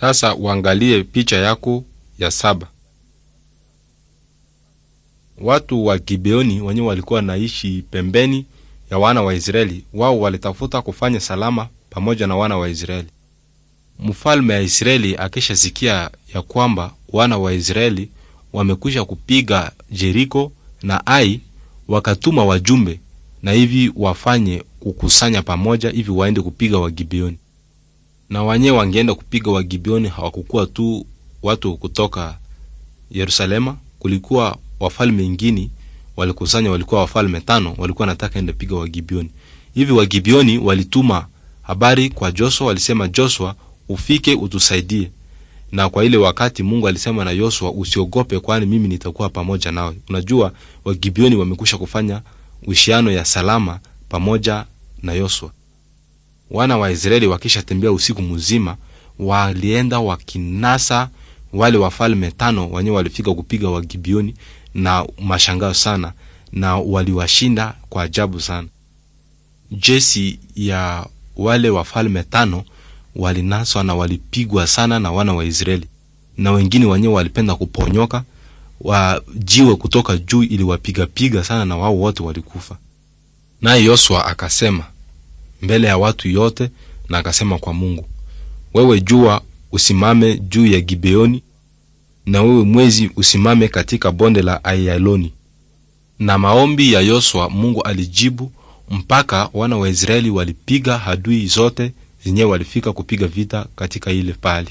Sasa uangalie picha yako ya saba. Watu wa Gibeoni wenye walikuwa naishi pembeni ya wana wa Israeli, wao walitafuta kufanya salama pamoja na wana wa Israeli. Mfalme wa Israeli akishasikia ya kwamba wana wa Israeli wamekwisha kupiga Jeriko na Ai, wakatuma wajumbe na hivi wafanye kukusanya pamoja, hivi waende kupiga Wagibeoni na wanyewe wangeenda kupiga wagibioni hawakukuwa tu watu kutoka Yerusalema, kulikuwa wafalme wengine walikusanya, walikuwa wafalme tano, walikuwa nataka enda piga Wagibeoni. Hivi Wagibeoni walituma habari kwa Joshua, walisema Joshua, ufike utusaidie. Na kwa ile wakati Mungu alisema na yosua usiogope, kwani mimi nitakuwa pamoja nawe. Unajua wagibioni wamekusha kufanya uishiano ya salama pamoja na Joshua wana wa Israeli wakishatembea usiku mzima, walienda wakinasa wale wafalme tano wenyewe walifika kupiga Wagibioni na mashangao sana, na waliwashinda kwa ajabu sana. Jeshi ya wale wafalme tano walinaswa na walipigwa sana na wana wa Israeli, na wengine wenyewe walipenda kuponyoka wa jiwe kutoka juu iliwapigapiga sana, na wao wote walikufa. Naye Yosua akasema mbele ya watu yote na akasema kwa Mungu, wewe jua usimame juu ya Gibeoni, na wewe mwezi usimame katika bonde la Aiyaloni. Na maombi ya Yoswa Mungu alijibu mpaka wana wa Israeli walipiga hadui zote zenyewe walifika kupiga vita katika ile pali.